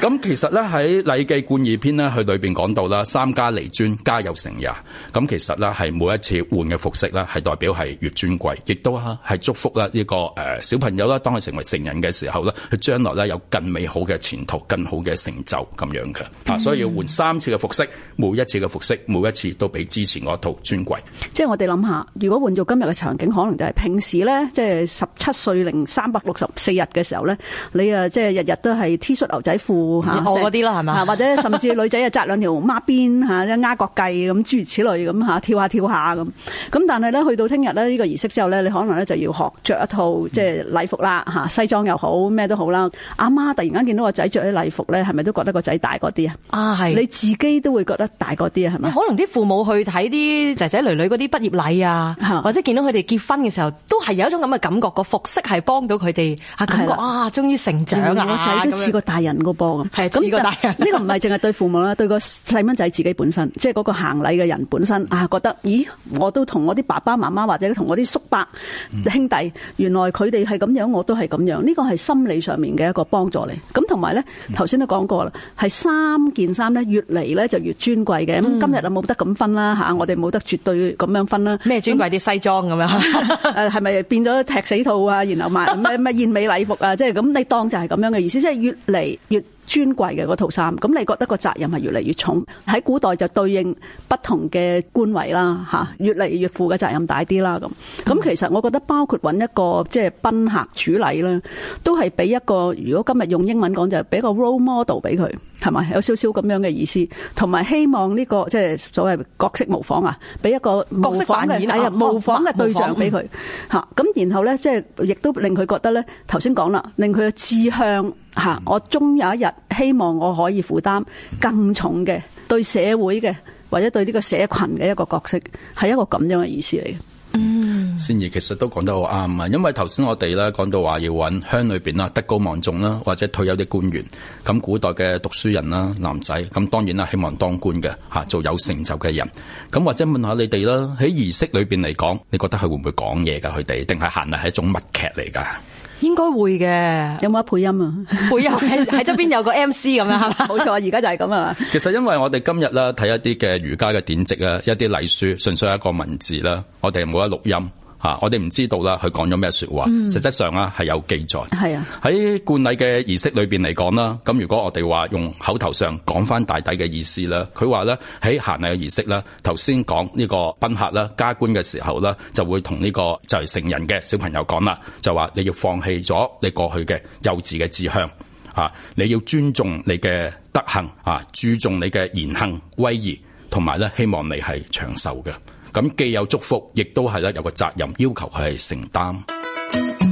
咁其實咧喺禮記冠義篇咧，佢裏邊講到啦，三加彌尊，加有成也。咁其實咧係每一次換嘅服飾咧，係代表係彌尊。貴，亦都啊係祝福啦呢個誒小朋友啦，當佢成為成人嘅時候咧，佢將來咧有更美好嘅前途、更好嘅成就咁樣嘅啊！嗯、所以要換三次嘅服飾，每一次嘅服飾，每一次都比之前嗰套尊貴。嗯、 [noise] 即係我哋諗下，如果換做今日嘅場景，可能就係平時咧，即係十七歲零三百六十四日嘅時候咧，你啊即係日日都係 T 恤牛仔褲嚇，嗰啲啦係嘛， [laughs] 或者甚至女仔啊紮兩條孖辮嚇，一丫角髻咁諸如此類咁嚇，跳下跳下咁。咁但係咧去到聽日咧呢個儀式。之後咧，你可能咧就要學着一套即係禮服啦，嚇西裝又好咩都好啦。阿媽，媽突然間見到個仔着啲禮服咧，係咪都覺得個仔大個啲啊？啊係，你自己都會覺得大個啲啊，係咪？可能啲父母去睇啲仔仔女女嗰啲畢業禮啊，是或者見到佢哋結婚嘅時候，都係有一種咁嘅感覺，個服飾係幫到佢哋嚇感覺的啊，終於成長啊！個仔都似個大人個噃咁，似個大人。呢 [laughs] 個唔係淨係對父母啦，對個細蚊仔自己本身，即係嗰個行禮嘅人本身啊，覺得咦，我都同我啲爸爸媽媽或者同我啲叔。白兄弟，原來佢哋係咁樣，我都係咁樣。呢個係心理上面嘅一個幫助嚟。咁同埋咧，頭先都講過啦，係三件衫咧，越嚟咧就越尊貴嘅。咁今日啊，冇得咁分啦嚇，我哋冇得絕對咁樣分啦。咩尊貴啲西裝咁樣？誒係咪變咗踢死套啊？然後買咩咩燕尾禮服啊？即係咁，你當就係咁樣嘅意思，即係越嚟越，尊貴嘅套衫，咁你覺得個責任係越嚟越重，喺古代就對應不同嘅官位啦，嚇，越嚟越負嘅責任大啲啦，咁，咁其實我覺得包括揾一個即係賓客主禮啦，都係俾一個，如果今日用英文講就係俾個 role model 俾佢。係嘛？有少少咁樣嘅意思，同埋希望呢、呢個即係所謂角色模仿，模仿啊，俾一個角色模仿嘅對象俾佢嚇。咁、嗯、然後咧，即係亦都令佢覺得咧，頭先講啦，令佢嘅志向嚇，我終有一日希望我可以負擔更重嘅對社會嘅或者對呢個社群嘅一個角色，係一個咁樣嘅意思嚟嘅。先而其實都講得好啱啊！因為頭先我哋咧講到話要搵鄉裏邊啦，德高望重啦，或者退休啲官員咁，古代嘅讀書人啦，男仔咁當然啦，希望當官嘅嚇，做有成就嘅人。咁或者問下你哋啦，喺儀式裏邊嚟講，你覺得係會唔會講嘢㗎？佢哋定係行係一種默劇嚟㗎？應該會嘅，有冇得配音啊？配音喺側 [laughs] 邊有個 MC 咁樣係嘛，冇錯。而家就係咁啊。其實因為我哋今日啦，睇一啲嘅儒家嘅典籍啊，一啲禮書，純粹係一個文字啦，我哋冇得錄音。啊！我哋唔知道啦，佢講咗咩説話？嗯、實質上咧係有記載。係啊，喺冠禮嘅儀式裏邊嚟講啦，咁如果我哋話用口頭上講翻大抵嘅意思啦，佢話咧喺行禮嘅儀式啦，頭先講呢個賓客啦，加冠嘅時候咧，就會同呢個就係成人嘅小朋友講啦，就話你要放棄咗你過去嘅幼稚嘅志向，啊，你要尊重你嘅德行，啊，注重你嘅言行威儀，同埋咧希望你係長壽嘅。咁既有祝福，亦都係咧有個責任要求佢係承擔。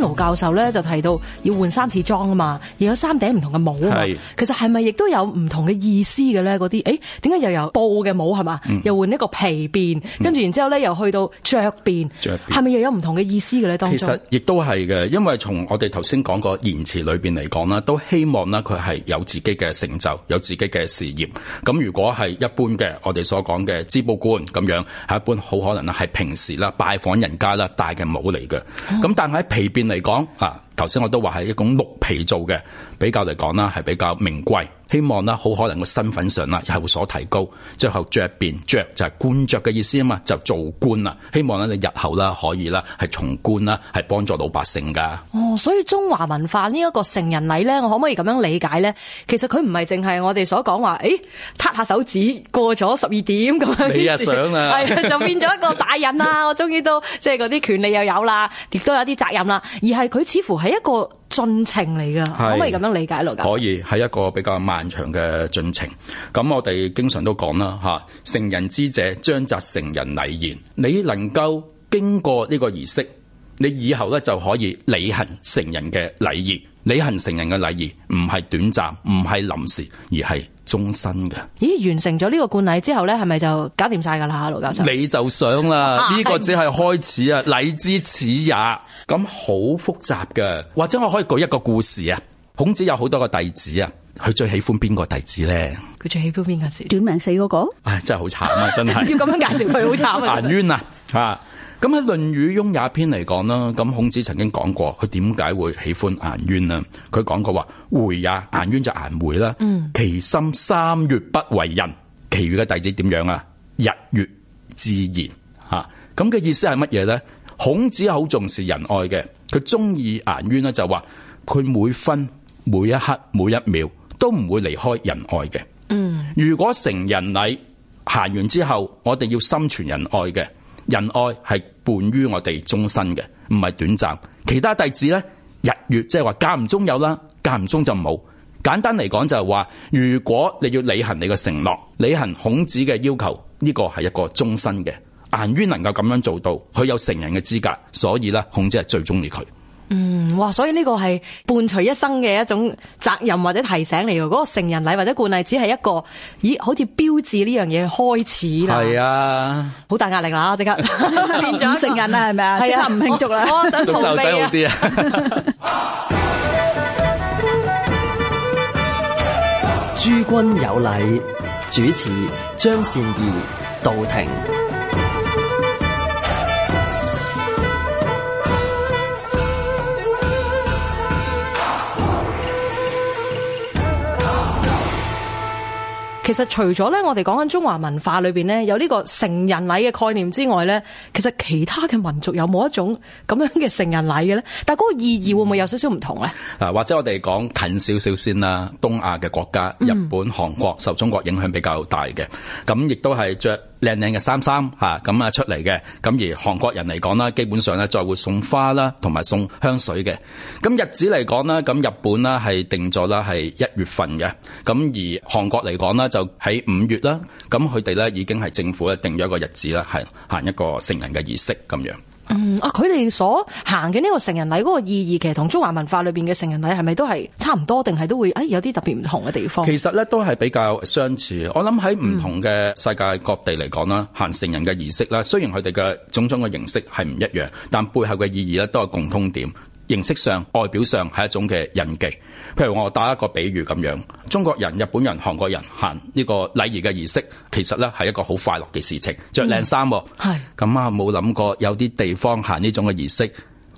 盧教授咧就提到要換三次裝啊嘛，又有三頂唔同嘅帽啊，是其實係咪亦都有唔同嘅意思嘅咧？嗰啲誒，點解又有布嘅帽係嘛？嗯、又換一個皮弁，跟住、嗯、然之後咧又去到爵弁，係咪又有唔同嘅意思嘅咧？當其實亦都係嘅，因為從我哋頭先講過言辭裏邊嚟講啦，都希望呢，佢係有自己嘅成就，有自己嘅事業。咁、嗯、如果係一般嘅我哋所講嘅緇布冠咁樣，係一般好可能咧係平時啦拜訪人家啦戴嘅帽嚟嘅。咁、嗯、但係喺皮弁。嚟講啊，頭先我都話係一種綠皮做嘅。比較嚟講啦，係比較名貴，希望啦，好可能個身份上啦，係會所提高。最後着便着就係、是、官爵嘅意思啊嘛，就是、做官啊。希望咧，你日後啦可以啦，係從官啦，係幫助老百姓噶。哦，所以中華文化呢一個成人禮咧，我可唔可以咁樣理解咧？其實佢唔係淨係我哋所講話，誒、哎，撻下手指過咗十二點咁樣。你又想啊？係就變咗一個大人啦！ [laughs] 我終於都即係嗰啲權利又有啦，亦都有啲責任啦，而係佢似乎係一個進程嚟噶，是可唔可以咁樣理解落？可以，係一個比較漫長嘅進程。咁我哋經常都講啦，吓，成人之者，將擇成人禮儀。你能夠經過呢個儀式，你以後咧就可以履行成人嘅禮儀。履行成人嘅禮儀唔係短暫，唔係臨時，而係終身嘅。咦，完成咗呢個冠禮之後咧，係咪就搞掂晒噶啦？盧教授，你就想啦，呢 [laughs] 個只係開始啊！禮之始也，咁好複雜嘅。或者我可以舉一個故事啊。孔子有好多弟個弟子啊，佢最喜歡邊個弟子咧？佢最喜歡邊個字？短命死嗰個？唉、哎，真係好慘啊！真係 [laughs] 要咁樣解釋佢，好慘啊！顏淵 [laughs] 啊，吓、啊！咁喺《論語雍也篇》嚟講啦，咁孔子曾經講過，佢點解會喜歡顏淵呢？佢講過話：回也，顏淵就顏回啦，其心三月不為人，其餘嘅弟子點樣啊？日月自然吓，咁、啊、嘅意思係乜嘢咧？孔子好重視仁愛嘅，佢中意顏淵啦，就話佢每分、每一刻、每一秒都唔會離開仁愛嘅。嗯，如果成人禮行完之後，我哋要心存仁愛嘅。仁愛係伴於我哋終身嘅，唔係短暫。其他弟子呢，日月即係話間唔中有啦，間唔中就冇。簡單嚟講就係話，如果你要履行你嘅承諾，履行孔子嘅要求，呢個係一個終身嘅。顏淵能夠咁樣做到，佢有成人嘅資格，所以呢，孔子係最中意佢。嗯，哇！所以呢個係伴隨一生嘅一種責任或者提醒嚟嘅，嗰、嗰個成人禮或者冠禮只係一個，咦，好似標誌呢樣嘢開始啦。係是啊， [laughs] 啊，好大壓力啦，即刻變咗成人啦，係咪啊？係啊，唔慶祝啦，我真係獨生仔好啲啊！諸 [laughs] 君有禮，主持張善儀、杜婷。其實除咗咧，我哋講緊中華文化裏邊咧有呢個成人禮嘅概念之外呢，其實其他嘅民族有冇一種咁樣嘅成人禮嘅呢？但係嗰個意義會唔會有少少唔同呢？啊、嗯，或者我哋講近少少先啦，東亞嘅國家，日本、韓國受中國影響比較大嘅，咁亦都係着。靚靚嘅衫衫嚇，咁啊出嚟嘅，咁而韓國人嚟講啦，基本上咧就會送花啦，同埋送香水嘅。咁日子嚟講啦，咁日本呢係定咗啦係一月份嘅，咁而韓國嚟講咧就喺五月啦，咁佢哋咧已經係政府咧定咗一個日子啦，係行一個成人嘅儀式咁樣。嗯，啊，佢哋所行嘅呢個成人禮嗰個意義，其實同中華文化裏邊嘅成人禮係咪都係差唔多，定係都會誒、哎、有啲特別唔同嘅地方？其實咧都係比較相似。我諗喺唔同嘅世界各地嚟講啦，嗯、行成人嘅儀式啦，雖然佢哋嘅種種嘅形式係唔一樣，但背後嘅意義咧都係共通點。形式上、外表上係一種嘅印記，譬如我打一個比喻咁樣，中國人、日本人、韓國人行呢個禮儀嘅儀式，其實呢係一個好快樂嘅事情，着靚衫，係咁啊，冇諗過有啲地方行呢種嘅儀式。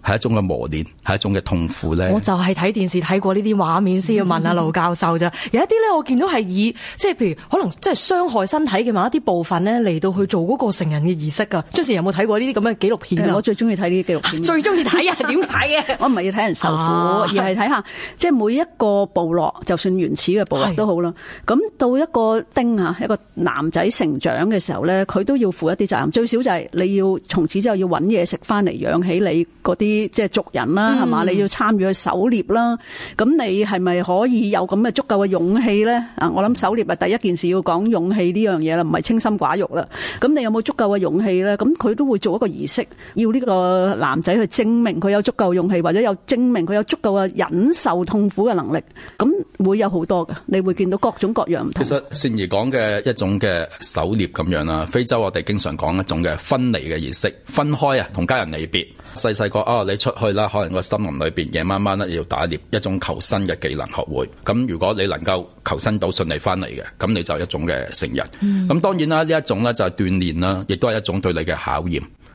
係一種嘅磨練，係一種嘅痛苦咧。我就係睇電視睇過呢啲畫面先要問啊，盧教授啫。嗯、有一啲咧，我見到係以即係，譬如可能即係傷害身體嘅某一啲部分咧，嚟到去做嗰個成人嘅儀式噶。張善有冇睇過呢啲咁嘅紀錄片？嗯、我最中意睇呢啲紀錄片，最中意睇人點解嘅？我唔係要睇人受苦， [laughs] 而係睇下即係每一個部落，就算原始嘅部落都好啦。咁的到一個丁啊，一個男仔成長嘅時候咧，佢都要負一啲責任。最少就係你要從此之後要搵嘢食翻嚟，養起你嗰啲。即係族人啦，係嘛？你要參與去狩獵啦，咁、嗯、你係咪可以有咁嘅足夠嘅勇氣咧？啊，我諗狩獵係第一件事要講勇氣呢樣嘢啦，唔係清心寡欲啦。咁你有冇足夠嘅勇氣咧？咁佢都會做一個儀式，要呢個男仔去證明佢有足夠勇氣，或者有證明佢有足夠嘅忍受痛苦嘅能力。咁會有好多嘅，你會見到各種各樣唔同。其實善兒講嘅一種嘅狩獵咁樣啦，非洲我哋經常講一種嘅分離嘅儀式，分開啊，同家人離別。細細個啊，你出去啦，可能個森林裏邊，夜晚晚咧要打獵，一種求生嘅技能學會。咁如果你能夠求生到順利翻嚟嘅，咁你就一種嘅成人。咁、嗯、當然啦，呢一種咧就係鍛煉啦，亦都係一種對你嘅考驗。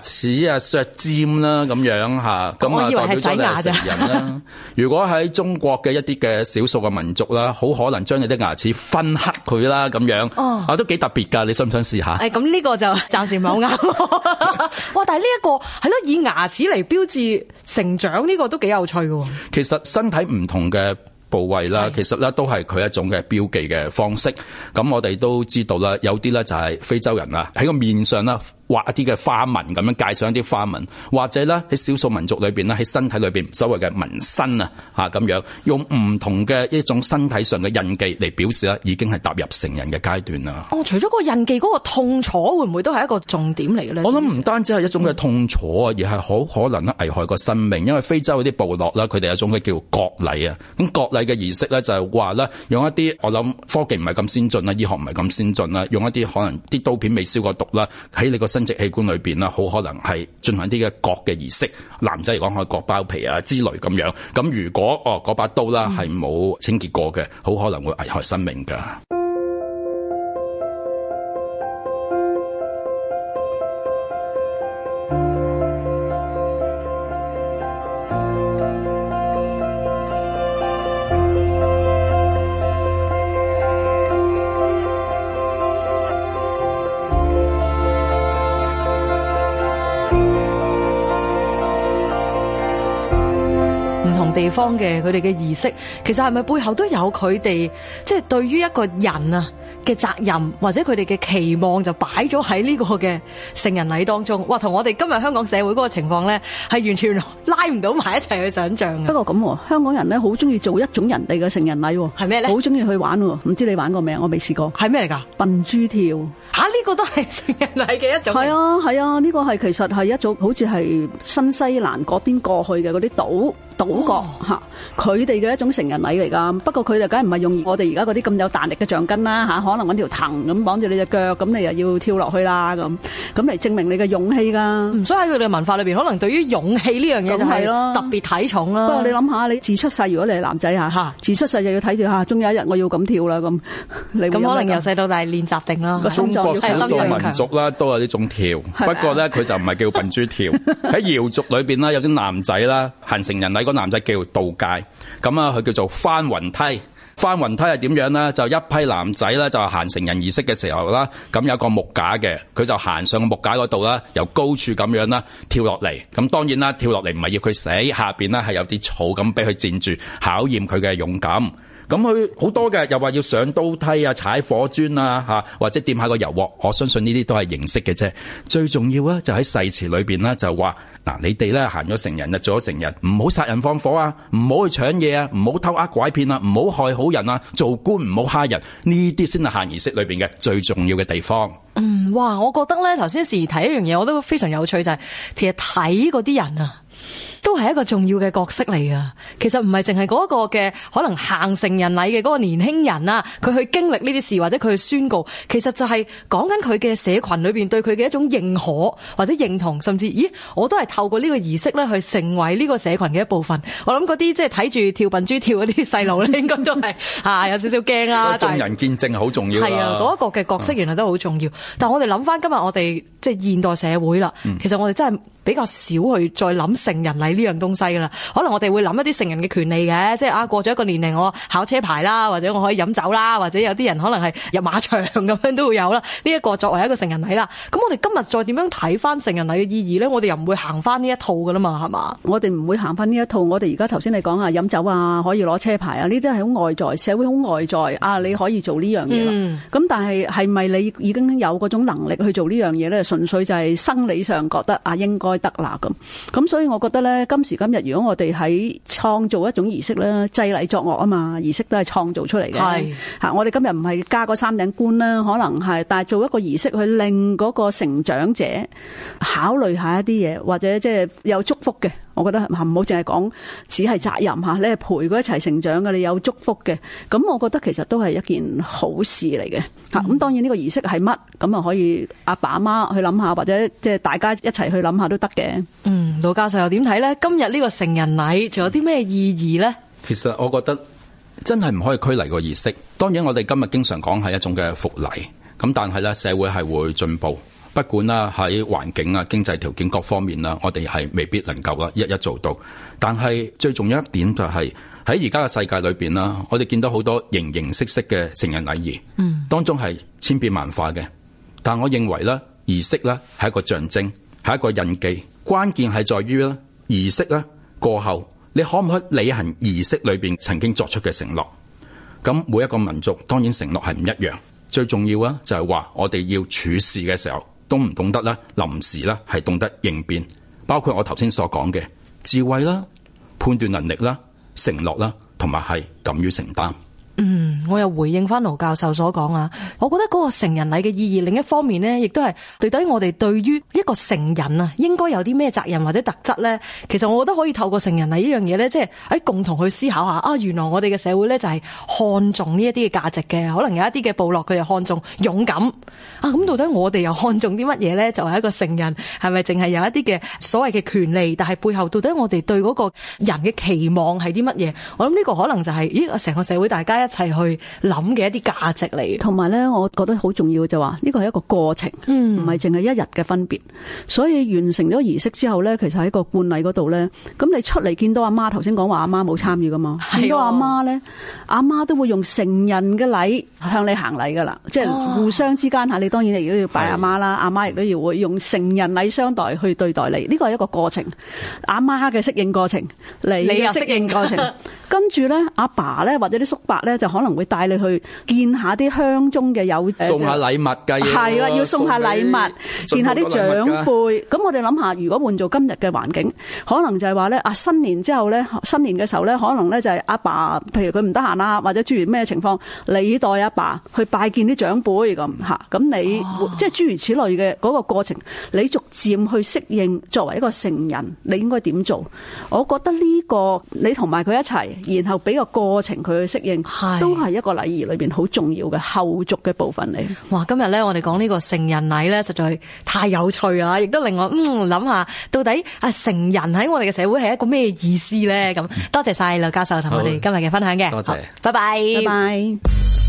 齒啊削尖啦咁樣吓，咁啊代表你係成人啦。牙 [laughs] 如果喺中國嘅一啲嘅少數嘅民族啦，好可能將你啲牙齒分黑佢啦咁樣，哦、啊都幾特別噶。你想唔想試下？誒、哎，咁呢個就暫時唔係好啱。哇，但係呢一個係咯，以牙齒嚟標誌成長呢，這個都幾有趣噶。其實身體唔同嘅部位啦，的其實咧都係佢一種嘅標記嘅方式。咁我哋都知道啦，有啲咧就係非洲人啊，喺個面上啦。畫一啲嘅花紋，咁樣介上一啲花紋，或者咧喺少數民族裏邊，咧喺身體裏邊所謂嘅紋身啊嚇，咁樣，用唔同嘅一種身體上嘅印記嚟表示咧已經係踏入成人嘅階段啦。哦，除咗個印記，嗰個痛楚會唔會都係一個重點嚟嘅咧？我諗唔單止係一種嘅痛楚啊，嗯、而係好可能危害個生命，因為非洲有啲部落咧，佢哋有種嘅叫割禮啊。咁割禮嘅儀式咧就係話咧，用一啲，我諗科技唔係咁先進啦，醫學唔係咁先進啦，用一啲可能啲刀片未消過毒啦，喺你個身。生殖器官裏邊啦，好可能係進行一啲嘅割嘅儀式，男仔嚟講可割包皮啊之類咁樣。咁如果哦嗰把刀啦係冇清潔過嘅，好可能會危害生命噶。方嘅佢哋嘅儀式，其實係咪背後都有佢哋即係對於一個人啊嘅責任，或者佢哋嘅期望就擺咗喺呢個嘅成人禮當中？哇，同我哋今日香港社會嗰個情況呢，係完全拉唔到埋一齊去想像。不過咁，香港人呢好中意做一種人哋嘅成人禮，係咩呢？好中意去玩喎，唔知你玩過未？我未試過。係咩嚟㗎？笨豬跳。吓呢、啊這個都係成人禮嘅一種，係啊係啊，呢、啊這個係其實係一種好似係新西蘭嗰邊過去嘅嗰啲島島國吓，佢哋嘅一種成人禮嚟噶。不過佢哋梗係唔係用我哋而家嗰啲咁有彈力嘅橡筋啦吓、啊，可能搵條藤咁綁住你隻腳，咁你又要跳落去啦咁，咁嚟證明你嘅勇氣噶、啊嗯。所以喺佢哋文化裏邊，可能對於勇氣呢樣嘢就係咯，特別睇重、啊、啦。不過你諗下，你自出世如果你係男仔吓吓，啊、自出世就要睇住吓，終、啊、有一日我要咁跳啦咁，咁、啊、 [laughs] 喝可能樣由細到大練習定啦。各少數民族啦都有呢種跳，吧不過呢，佢就唔係叫笨豬跳。喺 [laughs] 瑤族裏邊咧，有啲男仔啦行成人禮，個男仔叫度戒，咁啊佢叫做翻雲梯。翻雲梯係點樣呢？就一批男仔咧就行成人儀式嘅時候啦，咁有個木架嘅，佢就行上木架嗰度啦，由高處咁樣啦跳落嚟。咁當然啦，跳落嚟唔係要佢死，下邊咧係有啲草咁俾佢墊住，考驗佢嘅勇敢。咁佢好多嘅，又話要上刀梯啊、踩火磚啊、嚇或者掂下個油鑊，我相信呢啲都係形式嘅啫。最重要啊，就喺誓詞裏邊啦，就話嗱，你哋咧行咗成人，啊，做咗成人，唔好殺人放火啊，唔好去搶嘢啊，唔好偷呃拐騙啊，唔好害好人啊，做官唔好蝦人，呢啲先係行儀式裏邊嘅最重要嘅地方。嗯，哇，我覺得咧頭先時提一樣嘢我都非常有趣，就係、是、其實睇嗰啲人啊。都係一個重要嘅角色嚟噶，其實唔係淨係嗰個嘅可能行成人禮嘅嗰個年輕人啊，佢去經歷呢啲事或者佢去宣告，其實就係講緊佢嘅社群裏邊對佢嘅一種認可或者認同，甚至咦，我都係透過呢個儀式咧去成為呢個社群嘅一部分。我諗嗰啲即係睇住跳笨豬跳嗰啲細路咧，應該都係吓有少少驚啊！所以眾人見證好重要。係啊，嗰一個嘅角色原來都好重要。但係我哋諗翻今日我哋即係現代社會啦，其實我哋真係比較少去再諗成人禮。呢樣東西噶啦，可能我哋會諗一啲成人嘅權利嘅，即係啊過咗一個年齡我考車牌啦，或者我可以飲酒啦，或者有啲人可能係入馬場咁樣都會有啦。呢一個作為一個成人禮啦，咁我哋今日再點樣睇翻成人禮嘅意義呢？我哋又唔會行翻呢一套噶啦嘛，係嘛？我哋唔會行翻呢一套。我哋而家頭先你講啊飲酒啊可以攞車牌啊，呢啲係好外在，社會好外在啊，你可以做呢樣嘢。嗯。咁但係係咪你已經有嗰種能力去做呢樣嘢呢？純粹就係生理上覺得啊應該得啦咁。咁所以我覺得呢。今時今日，如果我哋喺創造一種儀式咧，制禮作樂啊嘛，儀式都係創造出嚟嘅。係吓是，我哋今日唔係加個三頂冠啦，可能係，但係做一個儀式去令個成長者考慮下一啲嘢，或者即係有祝福嘅。我覺得唔好淨係講，只係責任吓咧，陪佢一齊成長嘅，你有祝福嘅，咁我覺得其實都係一件好事嚟嘅吓。咁、嗯、當然呢個儀式係乜，咁啊可以阿爸阿媽去諗下，或者即係大家一齊去諗下都得嘅。嗯，盧教授又點睇呢？今日呢個成人禮仲有啲咩意義呢、嗯？其實我覺得真係唔可以拘泥個儀式。當然我哋今日經常講係一種嘅福禮，咁但係呢，社會係會進步。不管啦，喺環境啊、經濟條件各方面啦，我哋係未必能夠啦，一一做到。但係最重要一點就係喺而家嘅世界裏邊啦，我哋見到好多形形色色嘅成人禮儀，嗯，當中係千變萬化嘅。但我認為咧，儀式咧係一個象徵，係一個印記。關鍵係在於咧，儀式咧過後，你可唔可以履行儀式裏邊曾經作出嘅承諾？咁每一個民族當然承諾係唔一樣。最重要咧就係話，我哋要處事嘅時候，懂唔懂得啦，臨時啦係懂得應變，包括我頭先所講嘅智慧啦、判斷能力啦、承諾啦，同埋係敢於承擔。嗯，我又回應翻盧教授所講啊，我覺得個成人禮嘅意義，另一方面咧，亦都係到底我哋對於一個成人啊，應該有啲咩責任或者特質咧，其實我覺得可以透過成人禮呢樣嘢咧，即係喺共同去思考下啊，原來我哋嘅社會咧就係看重呢一啲嘅價值嘅，可能有一啲嘅部落佢又看重勇敢啊，咁到底我哋又看重啲乜嘢咧？就係一個成人係咪淨係有一啲嘅所謂嘅權利？但係背後到底我哋對個人嘅期望係啲乜嘢？我諗呢個可能就係、是、咦，成個社會大家。一齊去諗嘅一啲價值嚟，同埋咧，我覺得好重要就話呢個係一個過程，唔係淨係一日嘅分別。所以完成咗儀式之後咧，其實喺個冠例嗰度咧，咁你出嚟見到阿媽，頭先講話阿媽冇參與噶嘛？是哦、見到阿媽咧，阿媽都會用成人嘅禮向你行禮噶啦，哦、即係互相之間吓，你當然亦都要拜阿媽啦，阿媽亦都要會用成人禮相待去對待你。呢個係一個過程，阿媽嘅適應過程，你嘅適應過程。過程 [laughs] 跟住咧，阿爸咧或者啲叔伯咧。咧就可能會帶你去見下啲鄉中嘅友，送下禮物㗎，係啦，要送下禮物，給見一下啲長輩。咁我哋諗下，如果換做今日嘅環境，可能就係話咧啊，新年之後咧，新年嘅時候咧，可能咧就係阿爸，爸，譬如佢唔得閒啊，或者諸如咩情況，你代阿爸，爸去拜見啲長輩咁嚇。咁你、哦、即係諸如此類嘅嗰、那個過程，你逐漸去適應作為一個成人，你應該點做？我覺得呢、這個你同埋佢一齊，然後俾個過程佢去適應。都係一個禮儀裏邊好重要嘅後續嘅部分嚟。哇，今日咧我哋講呢個成人禮咧，實在太有趣喇！亦都令我嗯諗下，想想到底啊成人喺我哋嘅社會係一個咩意思咧？咁、嗯、多謝晒盧教授同我哋今日嘅分享嘅。多謝，拜拜，拜拜。Bye bye bye bye